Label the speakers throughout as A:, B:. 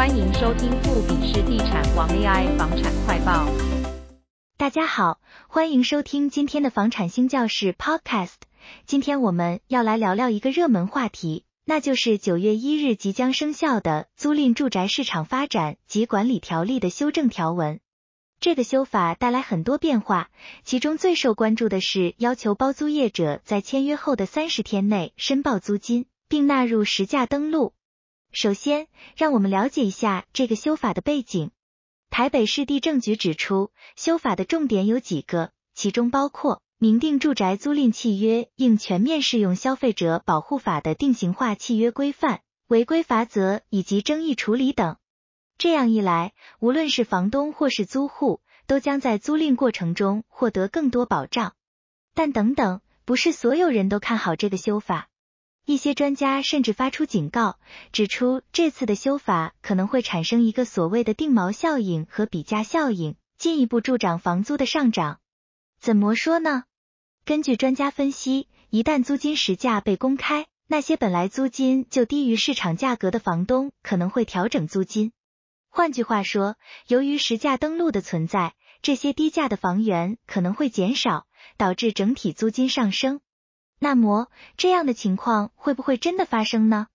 A: .歡迎收聽富比士地產王 AI 房產快報。大家好，歡迎收聽今天的房產新教室 Podcast。今天我們要來聊聊一個熱門話題，那就是九月一日即將生效的租賃住宅市場發展及管理條例的修正條文。這個修法帶來很多變化，其中最受關注的是要求包租業者在簽約後的三十天內申報租金，並納入實價登錄。首先，讓我們了解一下這個修法的背景。台北市地政局指出，修法的重點有幾個，其中包括明定住宅租賃契約應全面適用消費者保護法的定型化契約規範、違規罰則以及爭議處理等。這樣一來，無論是房東或是租戶，都將在租賃過程中獲得更多保障。但等等，不是所有人都看好這個修法。一些專家甚至發出警告，指出這次的修法可能會產生一個所謂的“定錨效應”和“比價效應”，進一步助長房租的上漲。怎麼說呢？根據專家分析，一旦租金實價被公開，那些本來租金就低於市場價格的房東可能會調整租金。換句話說，由於實價登錄的存在，這些低價的房源可能會減少，導致整體租金上升。那麼，這樣的情況會不會真的發生呢？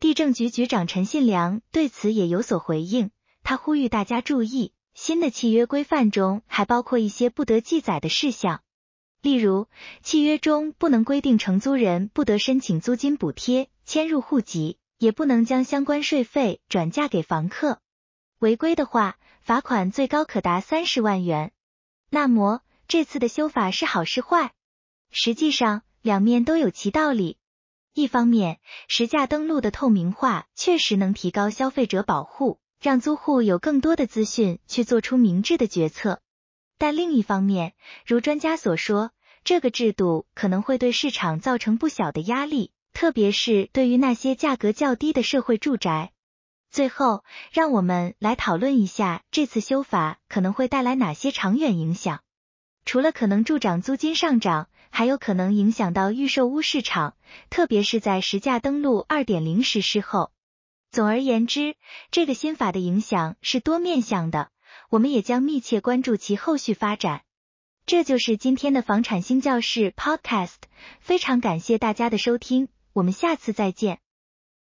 A: 地政局局長陳信良對此也有所回應，他呼籲大家注意，新的契約規範中還包括一些不得記載的事項，例如，契約中不能規定承租人不得申請租金補貼、遷入戶籍，也不能將相關稅費轉嫁給房客。違規的話，罰款最高可達三十萬元。那麼，這次的修法是好是壞？實際上，兩面都有其道理。一方面，實價登錄的透明化確實能提高消費者保護，讓租戶有更多的資訊去做出明智的決策。但另一方面，如專家所說，這個制度可能會對市場造成不小的壓力，特別是對於那些價格較低的社會住宅。最後，讓我們來討論一下這次修法可能會帶來哪些長遠影響。除了可能助長租金上漲，還有可能影響到預售屋市場，特別是在實價登錄二點零實施後。總而言之，這個新法的影響是多面向的，我們也將密切關注其後續發展。這就是今天的房產新教室 Podcast，非常感謝大家的收聽，我們下次再見。